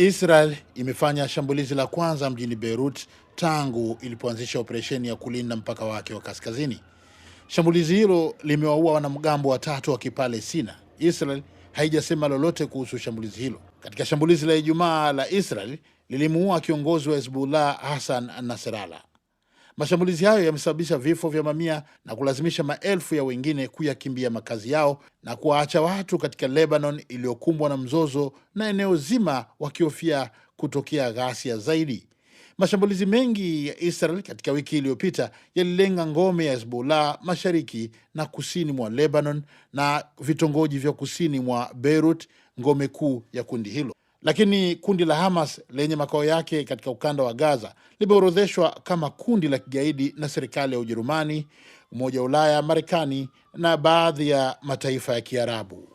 Israel imefanya shambulizi la kwanza mjini Beirut tangu ilipoanzisha operesheni ya kulinda mpaka wake wa kaskazini. Shambulizi hilo limewaua wanamgambo watatu wa Kipalestina. Israel haijasema lolote kuhusu shambulizi hilo. Katika shambulizi la Ijumaa la Israel lilimuua kiongozi wa Hezbollah Hassan Nasrallah. Mashambulizi hayo yamesababisha vifo vya mamia na kulazimisha maelfu ya wengine kuyakimbia makazi yao na kuwaacha watu katika Lebanon iliyokumbwa na mzozo na eneo zima wakihofia kutokea ghasia zaidi. Mashambulizi mengi ya Israel katika wiki iliyopita yalilenga ngome ya Hezbollah mashariki na kusini mwa Lebanon na vitongoji vya kusini mwa Beirut, ngome kuu ya kundi hilo. Lakini kundi la Hamas lenye makao yake katika ukanda wa Gaza limeorodheshwa kama kundi la kigaidi na serikali ya Ujerumani, Umoja wa Ulaya, Marekani na baadhi ya mataifa ya Kiarabu.